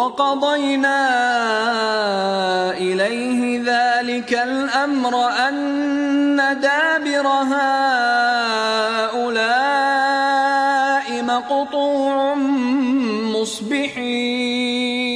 وقضينا إليه ذلك الأمر أن دابر هؤلاء مقطوع مصبحين